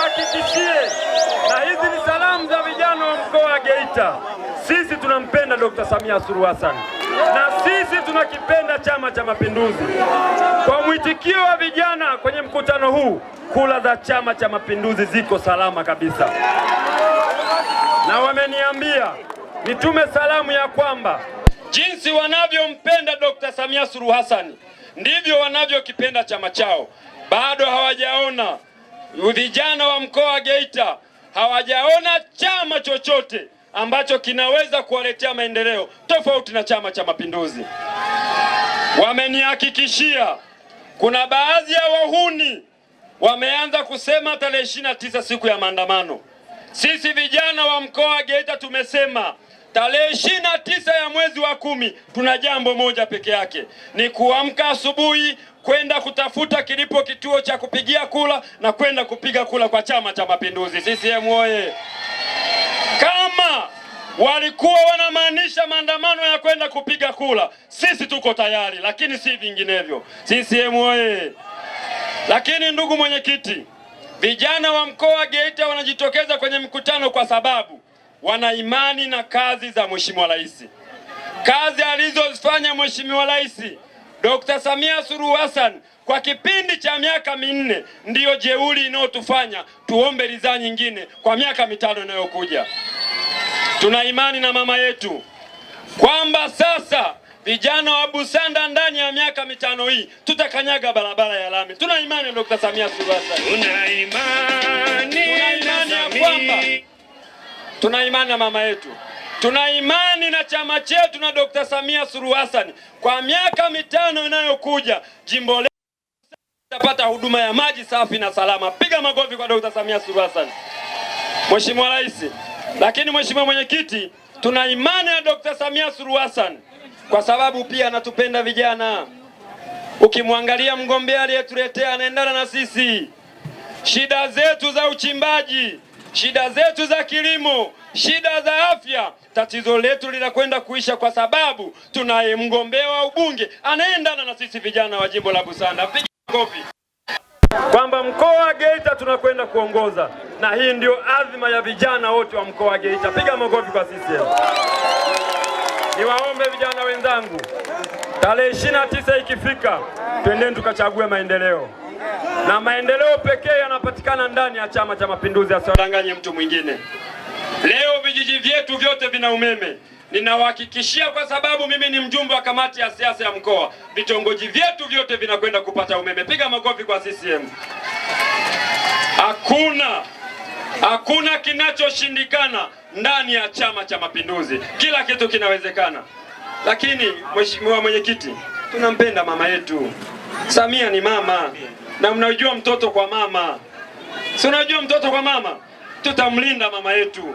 tuwahakikishie, na hizi ni salamu za vijana wa mkoa wa Geita. Sisi tunampenda Dr. Samia Suluhu Hassan na sisi tunakipenda Chama cha Mapinduzi. Kwa mwitikio wa vijana kwenye mkutano huu, kula za Chama cha Mapinduzi ziko salama kabisa, na wameniambia nitume salamu ya kwamba jinsi wanavyompenda Dr. Samia Suluhu Hassan ndivyo wanavyokipenda chama chao. Bado hawajaona vijana wa mkoa wa Geita hawajaona chama chochote ambacho kinaweza kuwaletea maendeleo tofauti na Chama cha Mapinduzi. Wamenihakikishia kuna baadhi ya wahuni wameanza kusema tarehe ishirini na tisa siku ya maandamano. Sisi vijana wa mkoa wa Geita tumesema Tarehe ishirini na tisa ya mwezi wa kumi tuna jambo moja peke yake, ni kuamka asubuhi kwenda kutafuta kilipo kituo cha kupigia kula na kwenda kupiga kula kwa Chama cha Mapinduzi, CCM oye! Kama walikuwa wanamaanisha maandamano ya kwenda kupiga kula, sisi tuko tayari, lakini si vinginevyo. CCM oye! Lakini ndugu mwenyekiti, vijana wa mkoa wa Geita wanajitokeza kwenye mkutano kwa sababu wana imani na kazi za Mheshimiwa Rais, kazi alizozifanya Mheshimiwa Rais Dr. Samia Suluhu Hassan kwa kipindi cha miaka minne, ndiyo jeuri inayotufanya tuombe ridhaa nyingine kwa miaka mitano inayokuja. Tuna imani na mama yetu kwamba sasa vijana wa Busanda ndani ya miaka mitano hii tutakanyaga barabara ya lami. Tuna imani na Dr. Samia Suluhu Hassan. Tuna imani Tuna imani na mama yetu, tuna imani na chama chetu na Dr. Samia Suluhu Hassan. Kwa miaka mitano inayokuja jimbo letu tutapata huduma ya maji safi na salama. Piga makofi kwa Dr. Samia Suluhu Hassan, Mheshimiwa Rais. Lakini Mheshimiwa Mwenyekiti, tuna imani na Dr. Samia Suluhu Hassan kwa sababu pia anatupenda vijana. Ukimwangalia mgombea aliyetuletea anaendana na sisi, shida zetu za uchimbaji shida zetu za kilimo, shida za afya, tatizo letu linakwenda kuisha, kwa sababu tunaye mgombea wa ubunge anayeendana na sisi vijana wa jimbo la Busanda. Piga makofi kwamba mkoa wa Geita tunakwenda kuongoza, na hii ndio adhima ya vijana wote wa mkoa wa Geita. Piga makofi kwa sisi. Niwaombe vijana wenzangu, tarehe 29 na tisa ikifika, twendeni tukachague maendeleo na maendeleo pekee yanapatikana ndani ya Chama cha Mapinduzi, asiwadanganye mtu mwingine. Leo vijiji vyetu vyote vina umeme, ninawahakikishia, kwa sababu mimi ni mjumbe wa kamati ya siasa ya mkoa. Vitongoji vyetu vyote vinakwenda kupata umeme. Piga makofi kwa CCM. Hakuna hakuna kinachoshindikana ndani ya Chama cha Mapinduzi, kila kitu kinawezekana. Lakini mheshimiwa mwenyekiti, tunampenda mama yetu Samia ni mama, na mnajua mtoto kwa mama, si unajua mtoto kwa mama, tutamlinda mama yetu.